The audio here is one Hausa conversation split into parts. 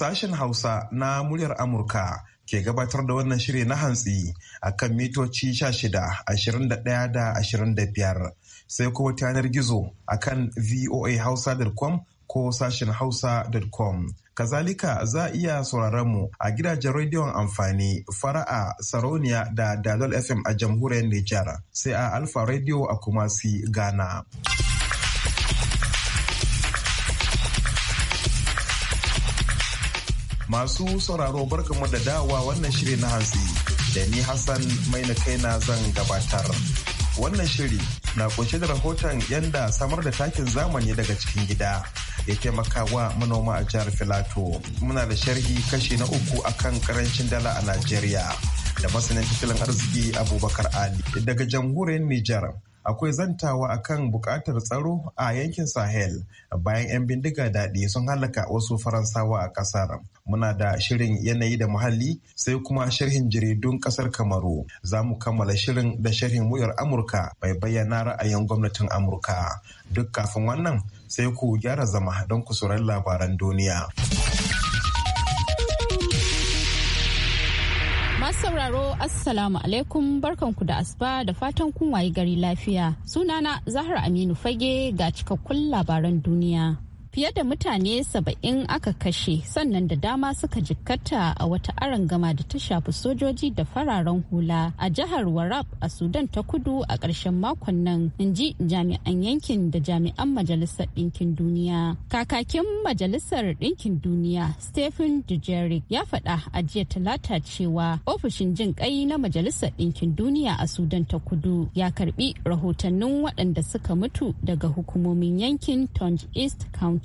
sashen Hausa na muryar Amurka ke gabatar da wannan shiri na hantsi a kan mitoci 16, 21 da 25 sai kuma ta yanar gizo a kan voahausa.com ko sashen hausa.com. Kazalika za a iya sauraron mu a gidajen rediyon amfani fara'a sarauniya da dalol fm a jamhuriyar Nijar sai a alfa Radio a kumasi Ghana. masu sauraro barka da dawa wannan shiri na hantsi da ni hassan mai na kaina zan gabatar wannan shiri na kunshe da rahoton yadda samar da takin zamani daga cikin gida ya taimaka wa manoma a jihar filato muna da sharhi kashi na uku a kan karancin dala a najeriya da masanin tattalin arziki abubakar ali daga jamhuriyar nijar akwai zantawa a kan buƙatar tsaro a yankin sahel bayan 'yan bindiga daɗi sun halaka wasu faransawa a ƙasar muna da shirin yanayi da muhalli sai kuma sharhin jiridun ƙasar kamaru za mu kammala shirin da sharhin wuyar amurka mai bayyana ra'ayin gwamnatin amurka duk kafin wannan sai ku gyara zama don ku labaran duniya. Masu sauraro Assalamu alaikum barkanku da asuba da fatan kun wayi gari lafiya. Sunana Zahra Aminu Fage ga cikakkun labaran duniya. fiye da mutane saba'in aka kashe sannan da dama suka jikkata a wata arangama da ta shafi sojoji da fararen hula a jihar warab a sudan ta kudu a ƙarshen makon nan in ji jami'an yankin da jami'an majalisar ɗinkin duniya kakakin majalisar ɗinkin duniya stephen dujeric ya faɗa a jiya talata cewa ofishin jin ƙai na majalisar ɗinkin duniya a sudan ta kudu ya karbi rahotannin waɗanda suka mutu daga hukumomin yankin tonj east county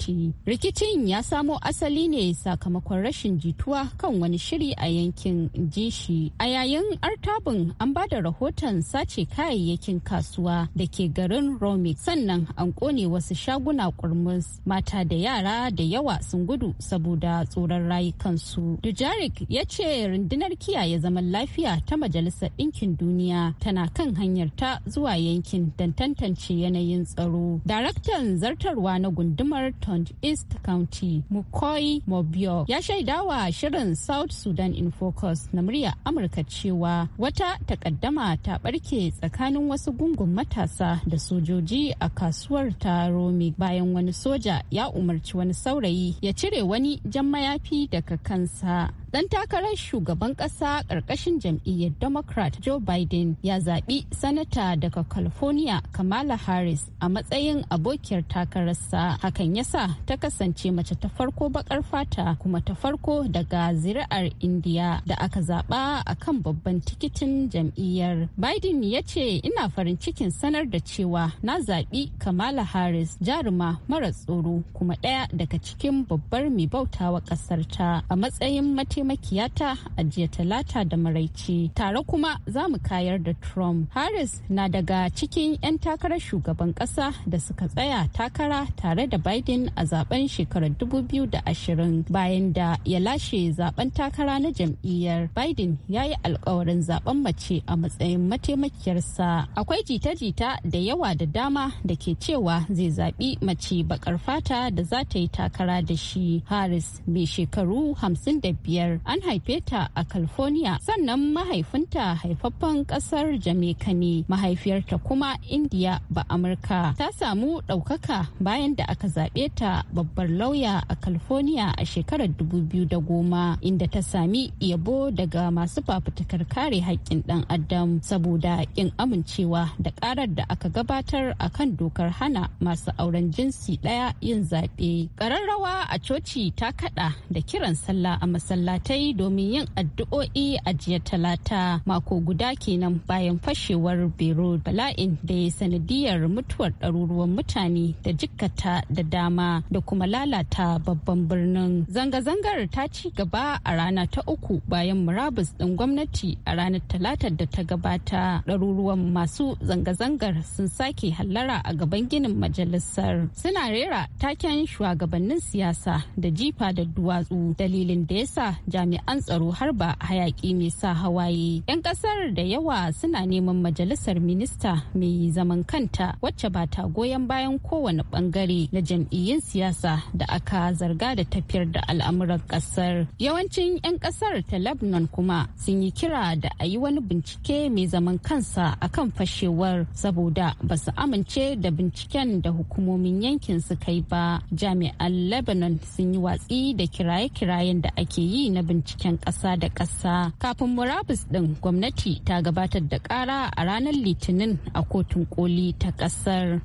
Rikicin ya samo asali ne sakamakon rashin jituwa kan wani shiri a yankin Jishi. A yayin artabin an ba da rahoton sace kayayyakin kasuwa da ke garin romi sannan an kone wasu shaguna kurmus mata da yara da yawa sun gudu saboda tsoron rayukansu. Dujarik ya ce rundunar kiyaye zaman lafiya ta Majalisar Ɗinkin Duniya tana kan hanyar ta zuwa yankin don tantance yanayin tsaro. Daraktan zartarwa na gundumar northern east county mukoi mobio ya shaidawa shirin south sudan in focus na murya amurka cewa wata takaddama ta barke tsakanin wasu gungun matasa da sojoji a kasuwar ta romi bayan wani soja ya umarci wani saurayi ya cire wani jan mayafi daga kansa Dan takarar shugaban ƙasa ƙarƙashin jam'iyyar Democrat Joe Biden ya zaɓi sanata daga California Kamala Harris a matsayin abokiyar takararsa. Hakan yasa ta kasance mace ta farko baƙar fata kuma ta farko daga zuri'ar India da aka zaɓa a kan babban tikitin jam'iyyar. Biden ya ce ina farin cikin sanar da cewa na zaɓi Kamala Harris jaruma mara tsoro kuma ɗaya daga cikin babbar mai bautawa ƙasarta a matsayin mataimakin makiyata a jiya talata da maraice tare kuma za mu kayar da trump harris na daga cikin 'yan takarar shugaban kasa da suka tsaya takara tare da biden a zaben shekarar 2020 bayan da ya lashe zaben takara na jam'iyyar biden ya yi alkawarin zaben mace a matsayin mataimakiyarsa akwai jita-jita da yawa da dama da ke cewa zai zaɓi mace bakar fata da za ta yi takara da shi harris mai shekaru 55 an haife ta a California sannan mahaifinta haifaffen kasar Jamaica ne mahaifiyarta kuma India ba Amurka. Ta samu ɗaukaka bayan da aka zaɓe ta babbar lauya a California a shekarar 2010 inda ta sami yabo daga masu fafutukar kare haƙƙin ɗan adam saboda ƙin amincewa da ƙarar da aka gabatar a kan dokar hana masu auren jinsi ɗaya yin zaɓe. Ƙararrawa a coci ta kaɗa da kiran sallah a masallaci ta yi domin yin addu'o'i a jiya talata mako guda kenan bayan fashewar beirut bala'in da ya sanadiyar mutuwar ɗaruruwan mutane da jikkata da dama da kuma lalata babban birnin zanga-zangar ta ci gaba a rana ta uku bayan murabus ɗin gwamnati a ranar Talata da ta gabata ɗaruruwan masu zanga-zangar sun sake hallara a gaban ginin majalisar suna rera taken shugabannin siyasa da jifa da duwatsu dalilin da yasa jami'an tsaro har ba hayaki mai sa hawaye. 'Yan kasar da yawa suna neman majalisar minista mai zaman kanta wacce ba ta goyon bayan kowane bangare na jam'iyyun siyasa da aka zarga da tafiyar da al'amuran kasar. Yawancin 'yan kasar ta Lebanon kuma sun yi kira da a yi wani bincike mai zaman kansa akan fashewar saboda ba su amince da binciken da hukumomin yankin suka yi ba. Jami'an Lebanon sun yi watsi da kiraye-kirayen da ake yi na binciken ƙasa da ƙasa. Kafin murabus ɗin gwamnati ta gabatar da ƙara a ranar Litinin a kotun koli ta ƙasar.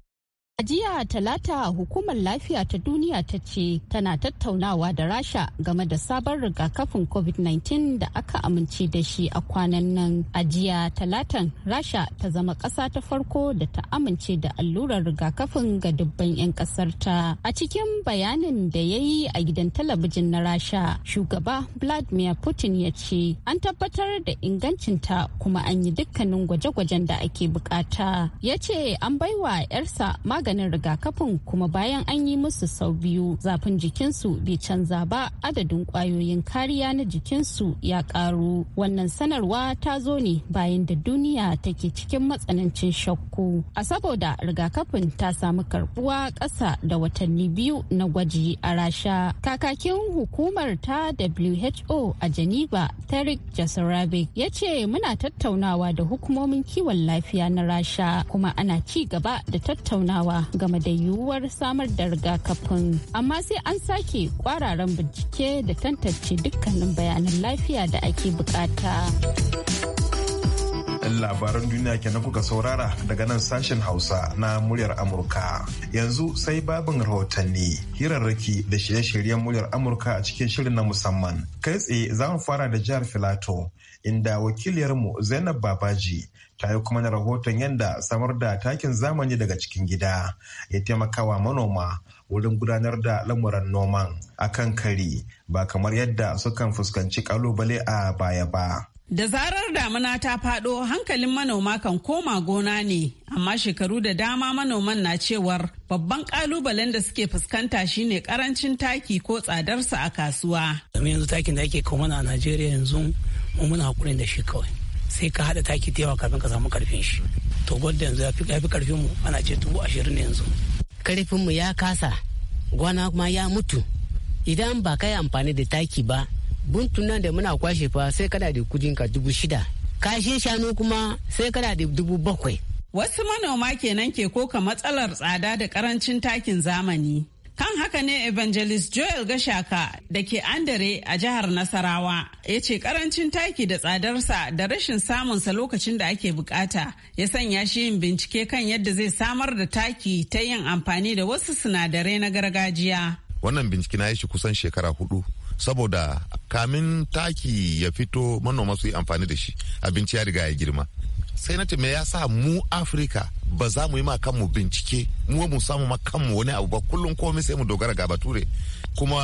A jiya talata hukumar lafiya ta duniya ta ce tana tattaunawa da rasha game da sabon rigakafin covid-19 da aka amince da shi a kwanan nan. A jiya talatan rasha ta zama ƙasa ta farko da ta amince da allurar rigakafin ga dubban 'yan ƙasarta. A cikin bayanin da ya yi a gidan talabijin na rasha shugaba Vladimir Putin ya ce an tabbatar da ingancinta kuma an yi dukkanin gwaje-gwajen da ake bukata. Ya ce an baiwa 'yarsa maganin rigakafin kuma bayan an yi musu sau biyu zafin jikinsu bai canza ba adadin kwayoyin kariya na jikinsu ya karu wannan sanarwa ta zo ne bayan da duniya take cikin matsanancin shakku a saboda rigakafin ta samu karbuwa ƙasa da watanni biyu na gwaji a rasha kakakin hukumar ta who a geneva tarik jasarabic ya ce muna tattaunawa da hukumomin kiwon lafiya na rasha kuma ana ci gaba da tattaunawa game da yiwuwar samar da rigakafin amma sai an sake kwararan bincike da tantance dukkanin bayanan lafiya da ake bukata. labaran duniya kenan kuka saurara daga nan sashen hausa na muryar amurka yanzu sai babin rahotanni hirarraki da shirye-shiryen muryar amurka a cikin shirin na musamman kai tsaye za mu fara da jihar filato inda wakiliyarmu Zainab Babaji ta yi kuma na rahoton yadda samar da takin zamani daga cikin gida ya taimakawa manoma wurin gudanar da lamuran noman a kan kari ba kamar yadda sukan fuskanci kalubale a baya ba. Da zarar damuna ta faɗo hankalin manoma kan koma gona ne, amma shekaru da dama manoman na cewar babban kalubalen da suke fuskanta shine karancin taki ko tsadarsa a kasuwa. Yanzu takin da ake koma na a Najeriya yanzu mu muna hakurin da shi kawai sai ka haɗa taki ta yawa kafin ka samu karfin shi to gwada yanzu ya fi karfin mu ana ce dubu ashirin ne yanzu karfin mu ya kasa gwana kuma ya mutu idan ba ka yi amfani da taki ba nan da muna kwashe fa sai kana da kujin ka dubu shida kashin shanu kuma sai kana da dubu bakwai Wasu manoma kenan ke koka matsalar tsada da karancin takin zamani. Kan haka ne Evangelist Joel Gashaka da ke Andare a jihar Nasarawa ya ce karancin taki da tsadarsa da rashin samunsa lokacin da ake bukata ya sanya shi yin bincike kan yadda zai samar da taki ta yin amfani da wasu sinadarai na gargajiya. Wannan bincike na shi kusan shekara hudu saboda kamin taki ya fito manoma su yi amfani da shi abinci ya riga ya girma. sai na me ya sa mu afirka ba za mu yi ma kanmu bincike mu ba mu samu ma kanmu wani abu ba kullum komai sai mu dogara ga bature kuma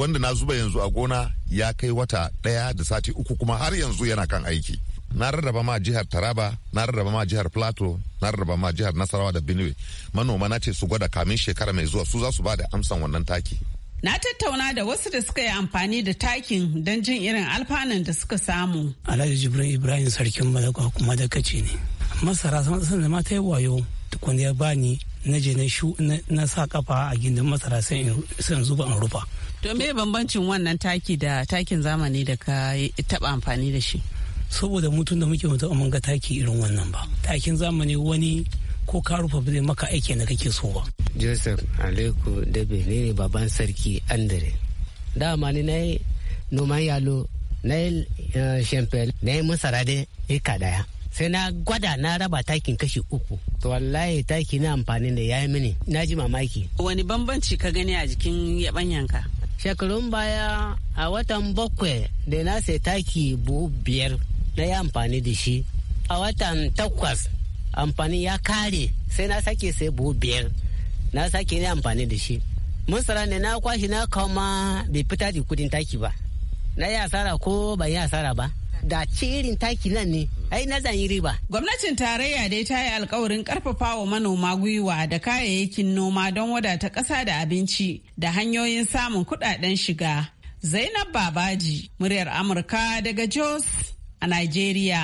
wanda na zuba yanzu a gona ya kai wata ɗaya da sati uku kuma har yanzu yana kan aiki na rarraba ma jihar taraba na rarraba ma jihar plateau na rarraba ma jihar nasarawa da benue manoma na ce su gwada kamin shekara mai zuwa su za su ba da amsan wannan taki Na tattauna da wasu da suka yi amfani da takin don jin irin alfanun da suka samu. Alhaji Jibrin Ibrahim sarkin malakwa kuma da kace ne. Masara sun da mata yi wayo tukun ya bani na je na sa kafa a gindin masara sun zuba an rufa. To me bambancin wannan taki da takin zamani da ka taba amfani da shi? Saboda mutum da muke mutum mun ga taki irin wannan ba. Takin zamani wani ko ka rufa ba zai maka aiki na kake so ba. Joseph Aleku Dabe ne ne baban sarki Andre. Dama ni na yi noman yalo na yi shemfel eh, na yi masara da ya kadaya. Sai na gwada na raba takin kashi uku. To wallahi taki na amfani da ya yi mini na ji mamaki. Wani bambanci ka gani a jikin yabanyanka? Shekarun baya a watan bakwai da na sai taki buhu biyar na yi amfani da shi. A watan takwas amfani ya kare sai na sake sai buhu biyar na sake ne amfani da shi tsara ne na kwashi na kama bai fita da kudin taki ba na yi asara ko ban yi asara ba da cirin taki nan ne ai na zan yi riba. Gwamnatin tarayya dai ta yi alkawarin karfafa wa manoma gwiwa da kayayyakin noma don wadata ƙasa da abinci da hanyoyin samun kuɗaɗen shiga. Zainab Babaji, muryar Amurka daga Jos a Nigeria.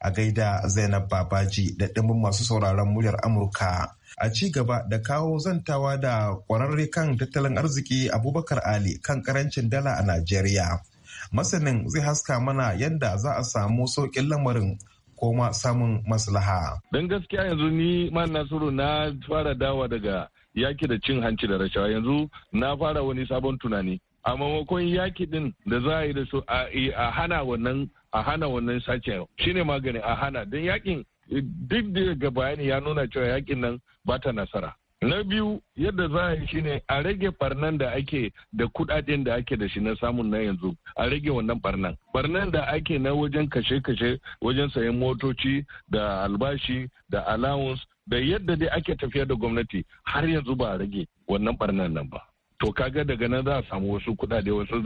a gaida zainab babaji da ɗimbin masu sauraron muryar amurka a ci gaba da kawo zantawa da kwararre kan tattalin arziki abubakar ali kan karancin dala a najeriya masanin zai haska mana yadda za a samu sauƙin lamarin koma samun maslaha. Don gaskiya yanzu ni man Nasiru na fara dawa daga yaki da cin hanci da rashawa yanzu na fara wani sabon tunani a maimakon yaki din da za a yi da su a hana wannan a hana wannan shine magani a hana don yakin duk daga bayani ya nuna cewa yakin nan ba ta nasara na biyu yadda za a yi shine a rage barnan da ake da kudaden da ake da shi na samun na yanzu a rage wannan barnan barnan da ake na wajen kashe-kashe wajen sayan motoci da albashi da allowance da yadda dai ake tafiya da gwamnati har yanzu ba a rage wannan barnan nan ba to kaga daga nan za a samu wasu kudade wasu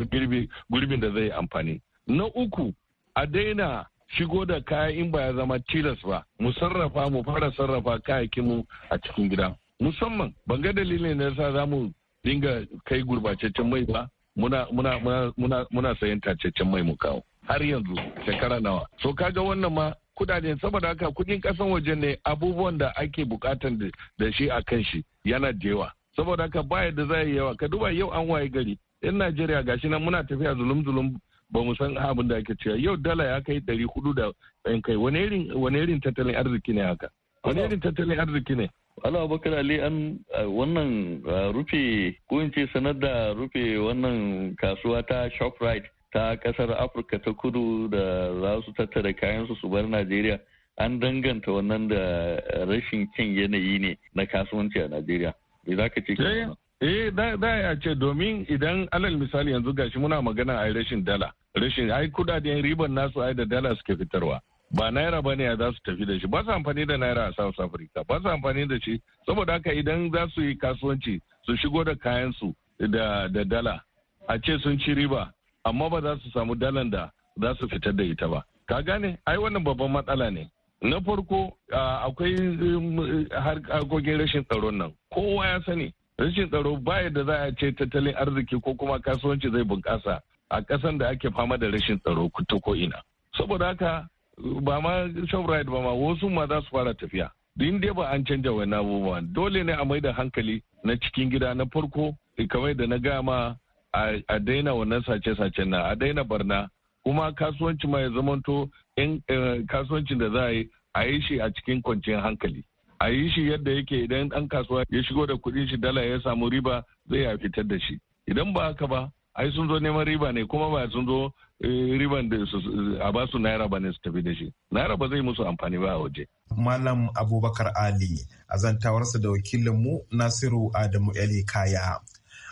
gurbin da zai amfani na uku a daina shigo da kaya in ba ya zama tilas ba mu sarrafa mu fara sarrafa mu a cikin gida musamman ban ga dalilin da yasa za mu dinga kai gurbataccen mai ba muna muna muna muna sayan tacaccen mai mu kawo har yanzu shekara nawa so kaga wannan ma kudaden saboda haka kudin kasan waje ne abubuwan da ake bukatan da shi a kan shi yana da yawa saboda haka ba da za yi yawa ka duba yau an waye gari yan najeriya gashi nan muna tafiya zulum zulum ba mu san abin da ake cewa yau dala ya kai ɗari hudu da ɗan kai wani irin wani irin tattalin arziki ne haka wani irin tattalin arziki ne Ala Abubakar Ali an wannan rufe ko in ce sanar da rufe wannan kasuwa ta Shoprite ta kasar afirka ta kudu da za su tattara kayan su bar najeriya an danganta wannan da rashin kyan yanayi ne na kasuwanci a najeriya me za ka ce eh, eh da da ya ce domin idan alal misali yanzu gashi muna magana a rashin dala rashin ai kudaden riban nasu ai da dala suke fitarwa ba naira ba ne za su tafi da shi ba su amfani da naira a south africa ba su amfani da shi saboda haka idan za su yi kasuwanci su shigo da kayansu da da dala a ce sun ci riba amma ba za su samu dalan da za su fitar da ita ba ka gane ai wannan babban matsala ne na farko akwai um, harkokin rashin tsaron nan kowa ya sani rashin tsaro baya da za a ce tattalin arziki ko kuma kasuwanci zai bunƙasa a ƙasan da ake fama da rashin tsaro ta ko'ina saboda haka ba ma shoprite ba ma wasu ma za su fara tafiya din dai ba an canja wani abubuwa dole ne a mai da hankali na cikin gida na farko kamar da na gama a daina wannan sace-sacen na a daina barna kuma kasuwanci ma ya zamanto in eh, kasuwancin da za a yi a yi shi a cikin kwanciyar hankali a yi shi yadda yake idan ɗan kasuwa ya shigo da kuɗin shi dala ya samu riba zai ya fitar da shi idan ba haka ba ai sun zo neman riba ne kuma ba sun zo eh, riban da a ba su naira ba ne su tafi da shi naira ba zai musu amfani ba a waje. malam abubakar ali a zantawarsa da wakilinmu nasiru adamu eli kaya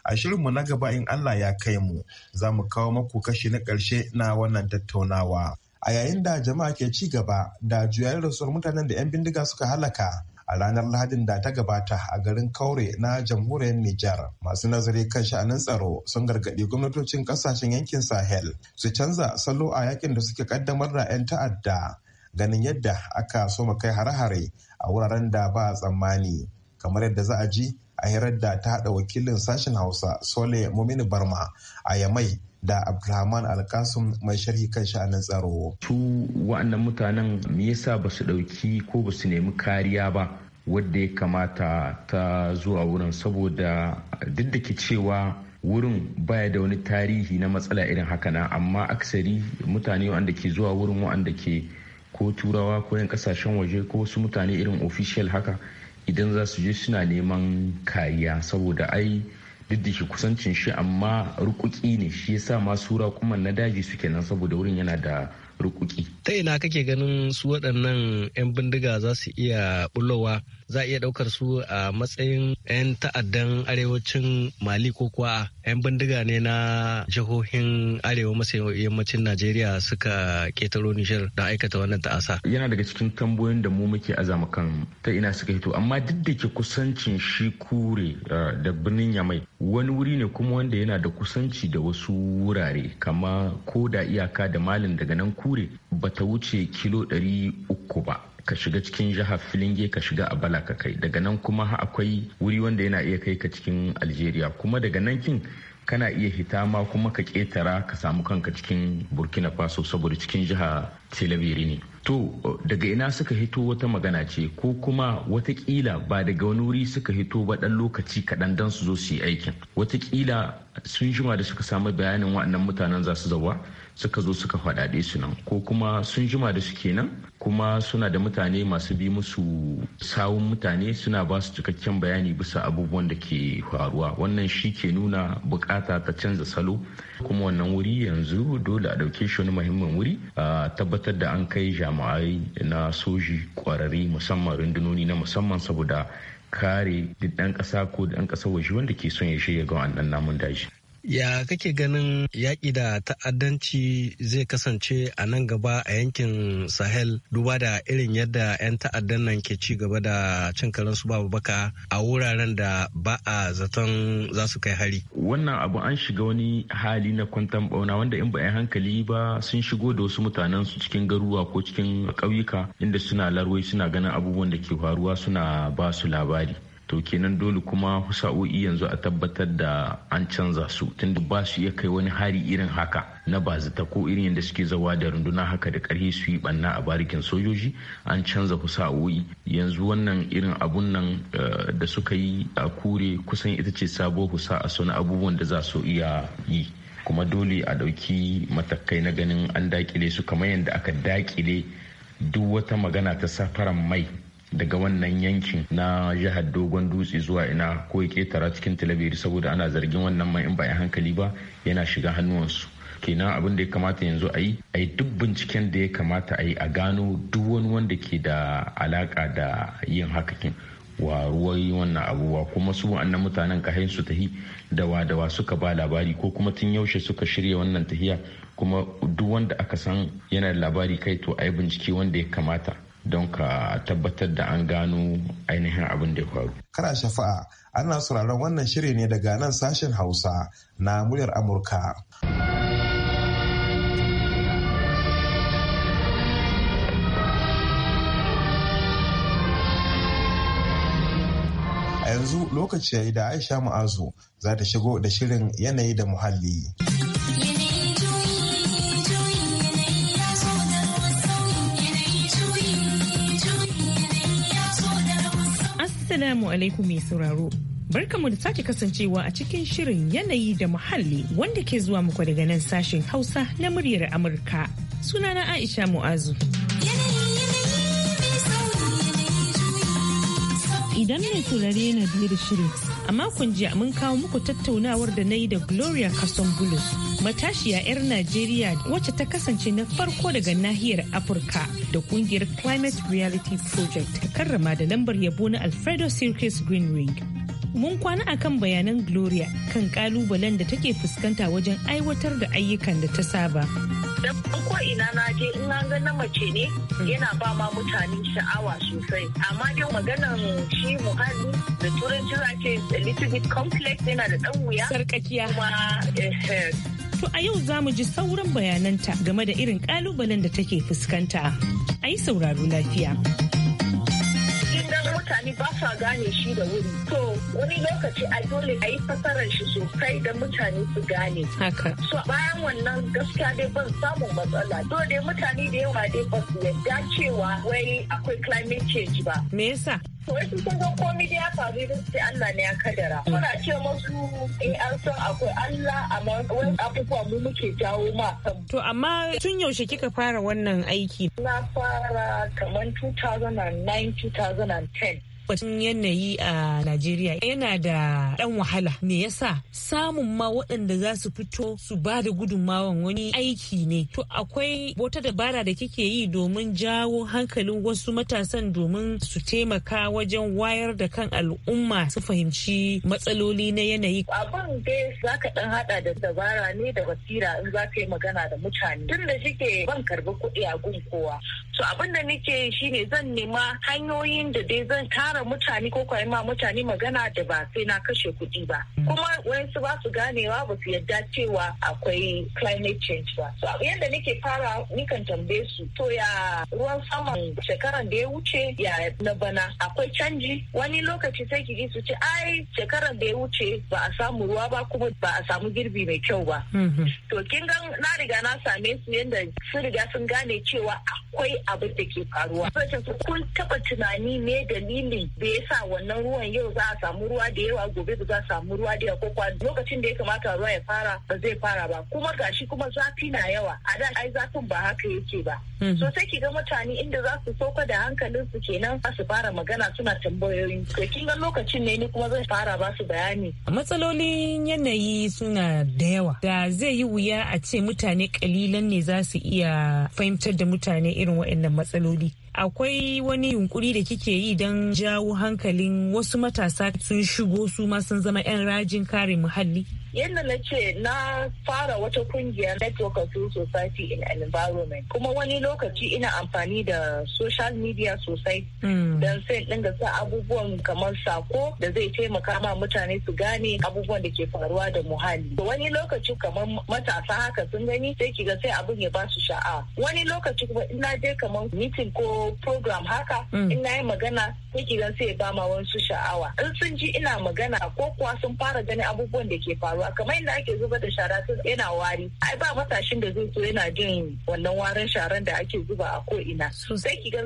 a shirinmu na gaba in Allah ya kai mu za mu kawo maku kashi na ƙarshe na wannan tattaunawa. A yayin da jama'a ke ci gaba da juyayar rasuwar mutanen da 'yan bindiga suka halaka a ranar Lahadin da ta gabata a garin Kaure na jamhuriyar Nijar. Masu nazari kan sha'anin tsaro sun gargaɗi gwamnatocin ƙasashen yankin Sahel su canza salo a yakin da suke ƙaddamar da 'yan ta'adda ganin yadda aka soma kai hare-hare a wuraren da ba tsammani. Kamar yadda za a ji a hirar da ta hada wakilin sashen hausa sole mumini barma a yamai da abdulrahman alkasum mai sharhi kan sha'anin tsaro su wa'annan mutanen me yasa ba su ɗauki ko ba su nemi kariya ba wadda ya kamata ta zuwa wurin saboda duk da ke cewa wurin baya da wani tarihi na matsala irin haka na amma aksari mutane wanda ke zuwa wurin wanda ke ko turawa ko yan kasashen waje ko wasu mutane irin official haka idan za su je suna neman kariya saboda ai duk da kusancin shi amma rukuki ne shi yasa ma sura kuma na daji suke nan saboda wurin yana da rukuki. Ta ina kake ganin su waɗannan 'yan bindiga za su iya bullowa za iya ɗaukar su a matsayin 'yan ta'addan arewacin Mali ko kuwa 'yan bindiga ne na jihohin arewa maso yammacin Najeriya suka ketaro Nijar don aikata wannan ta'asa. Yana daga cikin tamboyin da mu muke azama kan ta ina suka hito amma duk da ke kusancin shi kure da birnin Yamai wani wuri ne kuma wanda yana da kusanci da wasu wurare kama ko da iyaka da malin daga nan ku kure ba ta wuce kilo ɗari uku ba ka shiga cikin jihar filinge ka shiga a bala ka kai daga nan kuma akwai wuri wanda yana iya kai ka cikin algeria kuma daga nan kin kana iya hita ma kuma ka ketara ka samu kanka cikin burkina faso saboda cikin jiha telebiri ne to daga ina suka hito wata magana ce ko kuma watakila ba daga wani wuri suka hito ba dan lokaci kaɗan dan su zo su yi aikin watakila sun jima da suka samu bayanin waɗannan mutanen za su zauwa suka zo suka faɗaɗe su nan ko kuma sun jima da suke nan kuma suna da mutane masu bi musu sawun mutane suna ba su cikakken bayani bisa abubuwan da ke faruwa wannan shi ke nuna bukata ta canza salo kuma wannan wuri yanzu dole a dauke shi wani muhimmin wuri a tabbatar da an kai jami'ai na soji kwararri musamman rundunoni na musamman saboda kare duk ɗan ƙasa ko ɗan ƙasa waje wanda ke son ya shirya ga wannan namun daji Ya kake ganin yaƙi da ta'addanci zai kasance a nan gaba a yankin Sahel duba da irin yadda 'yan ta'addan nan ke ci gaba da cin su babu baka a wuraren da ba a zaton za su kai hari. Wannan abu an shiga wani hali na kwantan bauna wanda in ba 'yan hankali ba sun shigo da wasu mutanen su cikin garuwa ko cikin ƙauyuka inda suna larwai suna ganin abubuwan da ke faruwa suna ba su labari. to kenan dole kuma sa'o'i yanzu a tabbatar da an canza su tunda ba su iya kai wani hari irin haka na ta ko irin yadda suke zawa da runduna haka da karhe su yi banna a barikin sojoji an canza sa'o'i yanzu wannan irin abun nan eh, da suka yi a kure kusan ita ce sabuwar husa a suna abubuwan da za su iya yi kuma dole a ɗauki matakai na ganin an dakile su kamar yadda aka dakile duk wata magana ta safaran mai daga wannan yankin na jihar dogon dutse zuwa ina ko ya ketara cikin talabiri saboda ana zargin wannan mai in ba a hankali ba yana shiga hannuwansu kenan abin da ya kamata yanzu a yi a yi duk binciken da ya kamata a yi a gano duk wani wanda ke da alaka da yin hakakin wa ruwai wannan abubuwa kuma su wa'annan mutanen ka su tahi dawa dawa suka ba labari ko kuma tun yaushe suka shirya wannan tahiya kuma duk wanda aka san yana da labari kai to a yi bincike wanda ya kamata don ka tabbatar da an gano ainihin abin da ya faru. Kana shafa'a ana sauraron wannan shiri ne daga nan sashen Hausa na muryar Amurka. A yanzu lokaci yi da Aisha Ma'azu za ta shigo da shirin yanayi da muhalli. Assalamu alaikum mai sauraro. Barkamu da sake kasancewa a cikin shirin yanayi da muhalli wanda ke zuwa muku daga nan sashen Hausa na muryar Amurka. Sunana Aisha Mu'azu. Idan mai saurari yana biyu da shirin A makon jiya mun kawo muku tattaunawar da na yi da Gloria Kasambulus, matashiya 'yar Najeriya wacce ta kasance na farko daga nahiyar Afirka da kungiyar Climate Reality Project ta karrama da lambar yabo na Alfredo Circus Green Ring. Mun kwana akan bayanan Gloria kan kalubalen da take fuskanta wajen aiwatar da ayyukan da ta saba. dan ko ina na je in an ga na mace ne yana ba ma mutane sha'awa sosai amma dai maganar shi muhalli da turanci za ce little bit complex yana da dan wuya sarkakiya kuma To a yau za mu ji sauran bayananta game da irin kalubalen da take fuskanta. A yi sauraro lafiya. mutane ba sa gane shi da wuri to wani lokaci a dole a yi fasarar shi sosai da mutane su gane haka so bayan wannan gaskiya dai ban samun matsala dole mutane da yawa dai ba su yarda cewa wai akwai climate change ba me yasa wasu sun san komai da ya faru da sai Allah ne ya kaddara Muna ce masu in an san akwai Allah amma wani abubuwa mu muke jawo ma To amma tun yaushe kika fara wannan aiki? Na fara kamar 2009 2010. tabbacin yanayi a Najeriya yana da ɗan wahala. Me yasa samun ma waɗanda za su fito su ba da gudunmawan wani aiki ne. To akwai wata dabara da kike yi domin jawo hankalin wasu matasan domin su taimaka wajen wayar da kan al'umma su fahimci matsaloli na yanayi. Abin dai za ka ɗan haɗa da dabara ne da basira in za ka yi magana da mutane. Tun da shike ban karbi kuɗi a gun kowa. To abin da nake shine zan nema hanyoyin da dai zan tara kara mutane ko kwa ma mutane magana da ba sai na kashe kuɗi ba mm. kuma wayansu ba su ganewa ba su yadda cewa akwai climate change ba so yadda nake fara nikan tambaye su to ya ruwan saman shekaran da ya wuce ya na bana akwai canji wani lokaci sai ki su ce ai shekaran da ya wuce ba a samu ruwa ba kuma ba a samu girbi mai kyau ba mm-hmm. to kin ga na riga na same su yadda sun riga sun gane cewa akwai abin da ke faruwa. kun taɓa tunani ne dalilin da ya sa wannan ruwan yau za a samu ruwa da yawa gobe ba za a samu ruwa da yawa ko kwa lokacin da ya kamata ruwa ya fara ba zai fara ba kuma gashi kuma zafi na yawa a da ai zafin ba haka yake ba mhm. so sai ki ga mutane inda za su sauka da hankalin su kenan za su fara magana suna tambayoyi to kin ga lokacin ne ni kuma zan fara ba su bayani matsalolin yanayi suna da yawa da zai yi wuya a ce mutane kalilan ne za su iya fahimtar da mutane irin waɗannan matsaloli akwai wani yunkuri da kike yi don jawo hankalin wasu matasa sun shigo su ma sun zama 'yan rajin kare muhalli? yadda na ce na fara wata kungiyar network of civil society in an environment kuma wani lokaci ina amfani da social media sosai hmm. don sai dinga sa abubuwan kamar sako da zai taimaka ma mutane su gane abubuwan da ke faruwa da muhalli wani lokaci kamar matasa haka sun gani sai kiga sai abin ya ba su sha'a wani lokaci kuma ina je kamar meeting ko program haka hmm. ina yi magana sai kiga sai ya ba ma wasu sha'awa in sun ji ina magana ko kuwa sun fara ganin abubuwan da ke faruwa ba kamar yadda ake zuba da shara yana wari ai ba matashin da zai so yana jin wannan warin sharan da ake zuba a ko ina sai ki ga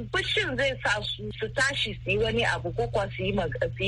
zai sa su su tashi su yi wani abu ko kwa su yi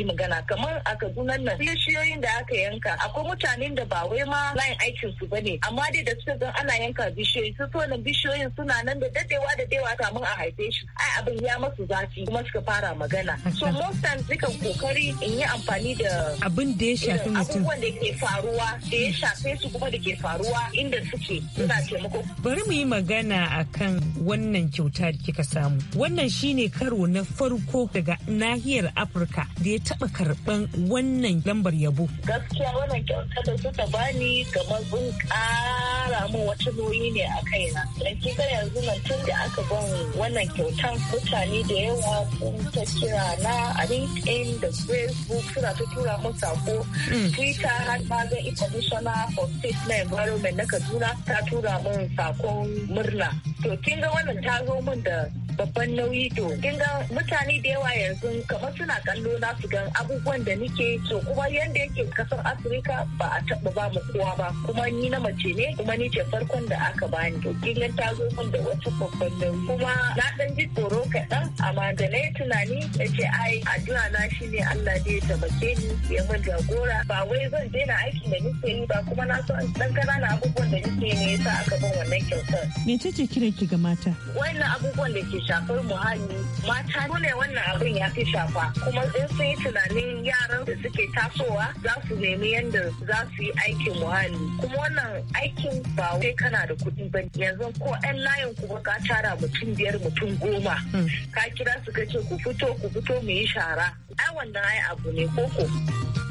magana kamar a Kaduna nan bishiyoyin da aka yanka akwai mutanen da ba wai ma layin aikin su bane amma dai da suka ga ana yanka bishiyoyi su so nan bishiyoyin suna nan da dadewa da dewa kamun a haife shi ai abin ya masu zafi kuma suka fara magana so most times nikan kokari in yi amfani da abin da ya shafi mutum abubuwan da ke faruwa faruwa da ya shafe su kuma da ke faruwa inda suke suna taimako. Bari mu yi magana akan wannan kyauta da kika samu. Wannan shine karo na farko daga nahiyar Afirka da ya taba karɓan wannan lambar yabo. Gaskiya wannan kyauta da suka bani kamar sun kara mun wata noyi ne a kaina. Dan kika yanzu nan tun da aka ban wannan kyautan mutane da yawa sun ta kira na a LinkedIn da Facebook suna ta tura mun sako mm. Twitter har ma ga international for state na environment na kaduna ta tura min sakon murna to kin ga wannan ta zo min da babban nauyi to kin ga mutane da yawa yanzu kamar suna kallo na su gan abubuwan da nike so kuma yanda yake kasar afirka ba a taba ba mu kowa ba kuma ni na mace ne kuma ni ce farkon da aka bani to kin ga ta zo min da wata babban nauyi kuma na dan ji tsoro kaɗan amma da na yi tunani na ce ai addu'a na shine Allah da ya tabbace ni ya min jagora ba wai zan daina aiki da nake yi ba kuma na san dan ƙananan abubuwan da nake ne yasa aka bin wannan kyautar. Mecece kiran ki ga mata? Wannan abubuwan da ke shafar muhalli mata ne wannan abin ya fi shafa kuma in sun yi tunanin yaran da suke tasowa za su nemi yadda za su yi aikin muhalli kuma wannan aikin ba wai kana da kuɗi ba yanzu ko ɗan layin ku ba ka tara mutum biyar mutum goma hmm. ka kira su ka ce ku fito ku fito mu yi shara ai wannan ai abu ne koko.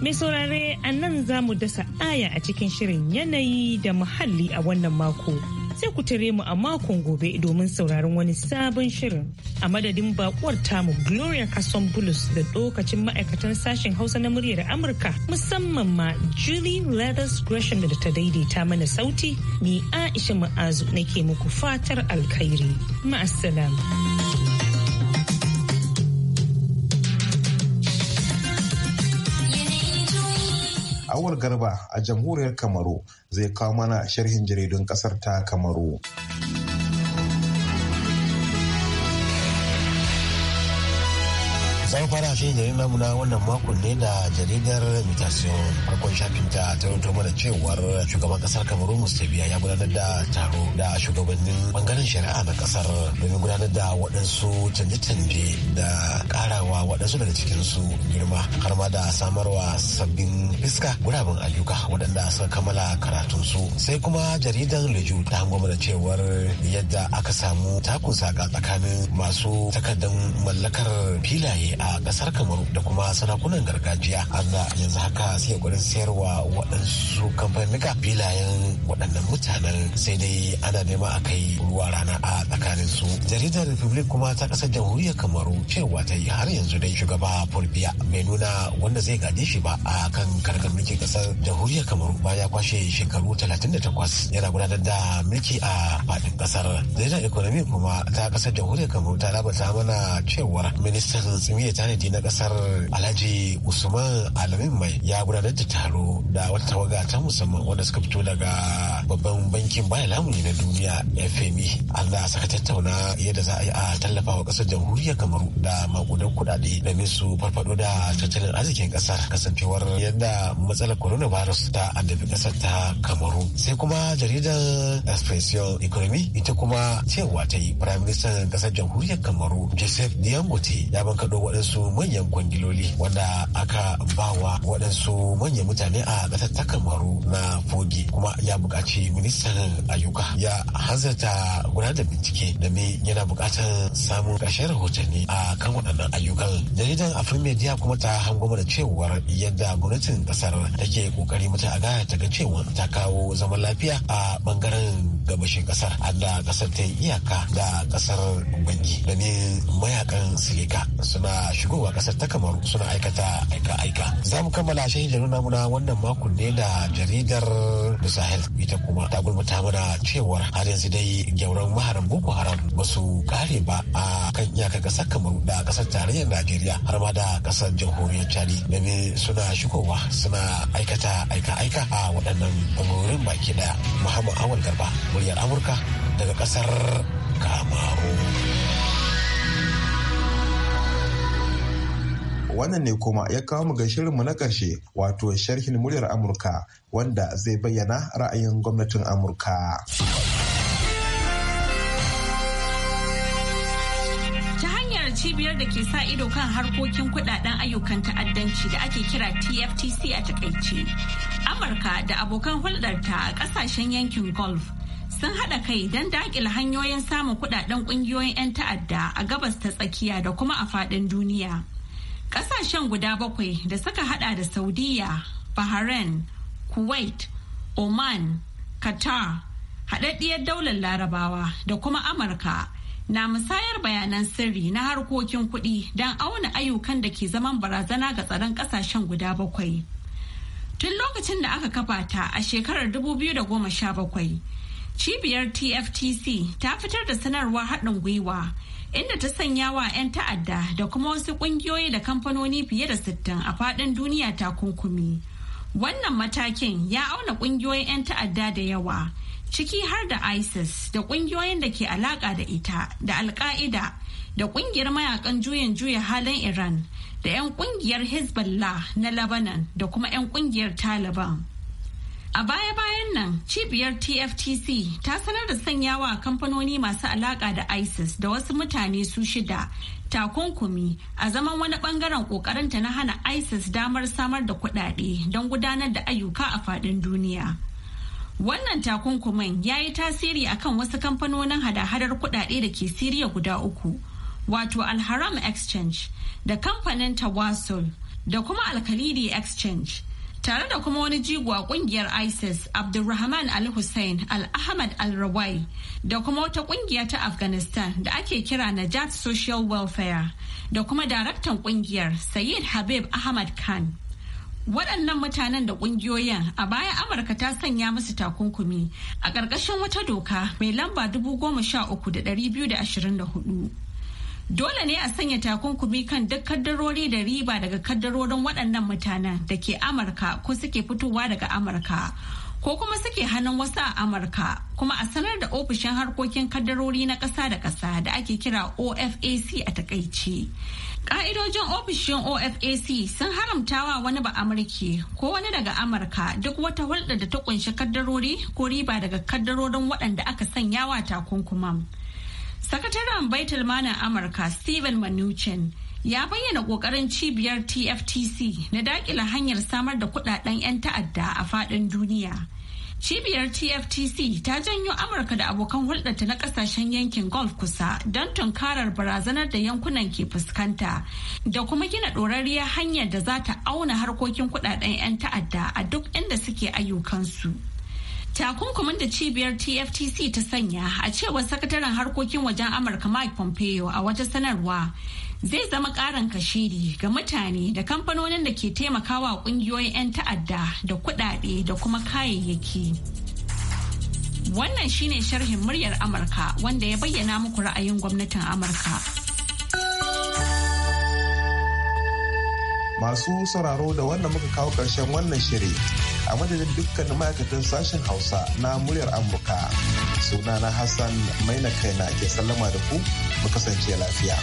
Mai saurare a nan za mu dasa aya a cikin shirin yanayi da muhalli a wannan mako. Sai ku tare mu a makon gobe domin sauraron wani sabon shirin. A madadin bakuwar tamu Gloria Kason Bulus da lokacin ma'aikatan sashen Hausa na muryar Amurka musamman ma Julie Leathers Gresham da ta daidaita mana sauti ni Aisha Ma'azu nake muku fatar alkhairi. Ma'assalam. Awal Garba a jamhuriyar Kamaru zai kawo mana sharhin jaridun ƙasar ta Kamaru. sai fara shi da yin na wannan makon ne da jaridar mutasiyon farkon shafin ta ta mana cewar shugaban kasar kamaru mustabiya ya gudanar da taro da shugabannin bangaren shari'a na kasar domin gudanar da waɗansu canje-canje da karawa waɗansu daga cikinsu girma har ma da samarwa sabbin fiska guraben ayyuka waɗanda suka kammala su sai kuma jaridar leju ta hango mana cewar yadda aka samu takun saka tsakanin masu takardun mallakar filaye a kasar kamaru da kuma sarakunan gargajiya anda yanzu haka suke gurin sayarwa waɗansu kamfanika filayen waɗannan mutanen sai dai ana nema a kai ruwa rana a tsakanin su jaridar republic kuma ta kasar jamhuriyar kamaru cewa ta yi har yanzu dai shugaba fulbiya bai nuna wanda zai gaje shi ba a kan karkar mulki kasar jamhuriyar kamaru ba ya kwashe shekaru 38 yana gudanar da mulki a faɗin kasar jaridar economy kuma ta kasar jamhuriyar kamaru ta rabata mana cewar ministan tsimiyar tanadi na kasar alhaji usman alamin mai ya gudanar da taro da wata tawaga ta musamman wanda suka fito daga babban bankin bayan lamuni na duniya fmi e. allah da saka tattauna yadda za a yi a tallafa wa kasar jamhuriyar kamaru da makudan kudade domin su farfado da tattalin arzikin kasar kasancewar yadda matsalar coronavirus ta addabi kasar ta kamaru sai kuma jaridar expression economy ita kuma cewa ta yi prime minister kasar jamhuriyar kamaru joseph diangote ya bankaɗo waɗansu manyan kwangiloli wanda aka bawa waɗansu manyan mutane a ƙasar takamaru na bindigogi kuma ya buƙaci ministan ayyuka ya hanzarta guda da bincike domin yana buƙatar samun ƙarshen rahotanni a kan waɗannan ayyukan jaridar afirin media kuma ta hangoma da cewar yadda gwamnatin ƙasar take ƙoƙari mata a gaya ta ga cewa ta kawo zaman lafiya a ɓangaren gabashin ƙasar da ƙasar ta iyaka da ƙasar bangi domin mayakan silika suna shigowa ƙasar ta kamaru suna aikata aika-aika za mu kammala shahin nuna muna wannan makon ne da jaridar da sahel ita kuma ta gulmata mana cewar har yanzu dai gyauran maharan boko haram ba su kare ba a kan iyakar kasar kamaru da kasar tarayyar najeriya har ma da kasar jamhuriyar chadi da ne suna shigowa suna aikata aika-aika a waɗannan bangarorin baki daya muhammad awal garba muryar amurka daga kasar kamaru. wannan ne kuma ya kawo mu ga shirinmu na ƙarshe wato sharhin muryar amurka wanda zai bayyana ra'ayin gwamnatin amurka ta hanyar cibiyar da ke sa ido kan harkokin kudaden ayyukan ta'addanci da ake kira tftc a takaice amurka da abokan hulɗarta a ƙasashen yankin golf sun haɗa kai don daƙil hanyoyin samun kudaden ƙungiyoyin 'yan ta'adda a gabas ta tsakiya da kuma a faɗin duniya. Ƙasashen guda bakwai da suka hada da Saudiya, Bahrain, Kuwait, Oman, Qatar, haɗaɗɗiyar daular larabawa da kuma Amurka na musayar bayanan sirri na harkokin kuɗi don auna ayyukan da ke zaman barazana ga tsaron ƙasashen guda bakwai. Tun lokacin da aka kafa ta a shekarar 2017, cibiyar tftc ta fitar da sanarwar haɗin gwiwa inda ta sanya wa 'yan ta'adda da kuma wasu kungiyoyi da kamfanoni fiye da sittin a faɗin duniya takunkumi. Wannan matakin ya auna kungiyoyin 'yan ta'adda da yawa, ciki har da ISIS da kungiyoyin da ke alaƙa da ita da Alƙa'ida da kungiyar mayakan juyin juya halin Iran da 'yan kungiyar Hezbollah na Lebanon da kuma 'yan kungiyar Taliban. A baya-bayan nan cibiyar TFTC ta sanar da sanyawa kamfanoni masu alaƙa da ISIS da wasu mutane su shida takunkumi a zaman wani bangaren kokarinta na hana ISIS damar samar da kudade don gudanar da ayyuka a fadin duniya. Wannan takunkumin ya yi tasiri a kan wasu kamfanonin hada-hadar kudade da ke Siriya guda uku, wato Alharam Exchange da kamfanin Tawasul da kuma Alkalidi Exchange. tare da kuma wani a kungiyar isis abdulrahman al-hussein al-ahmad al-rawai da kuma wata kungiya ta afghanistan da ake kira najat social welfare da kuma daraktan kungiyar sayid habib ahmad khan waɗannan mutanen da ƙungiyoyin a baya amurka ta sanya musu takunkumi a ƙarƙashin wata doka mai lamba 13224 Dole ne a sanya takunkumi kan duk kaddarori da riba daga kaddarorin waɗannan mutanen da ke Amurka ko suke fitowa daga Amurka. Ko kuma suke hannun wasu a Amurka kuma a sanar da ofishin harkokin kaddarori na ƙasa da ƙasa da ake kira OFAC a takaice. Ka'idojin ofishin OFAC sun haramtawa wani ba Amurki ko wani daga Amurka duk wata hulɗa da ta kunshi kaddarori ko riba daga kaddarorin waɗanda aka sanya wa takunkuman. Sakataren Baitul Mana Amurka Steven Mnuchin ya bayyana kokarin cibiyar TFTC na dakila hanyar samar da kudaden 'yan ta'adda a fadin duniya. Cibiyar TFTC ta janyo Amurka da abokan hulɗarta na ƙasashen yankin golf kusa don tunkarar barazanar da yankunan ke fuskanta da kuma gina ɗorarriyar hanyar da za ta auna harkokin kudaden 'yan ta'adda a duk inda suke ayyukansu. Takunkumin da cibiyar TFTC ta sanya a cewar sakataren harkokin wajen Amurka Mike Pompeo a wata sanarwa zai zama ƙarin kashiri ga mutane da kamfanonin da ke taimakawa ƙungiyoyin 'yan ta'adda da kuɗaɗe da kuma kayayyaki. Wannan shine sharhin muryar Amurka wanda ya bayyana muku ra'ayin gwamnatin Amurka. Masu sauraro da wannan muka kawo ƙarshen wannan shiri. a madadin dukkanin ma'aikatan sashen hausa na muryar amurka sunana hassan maina kaina ke sallama da ku mu kasance lafiya.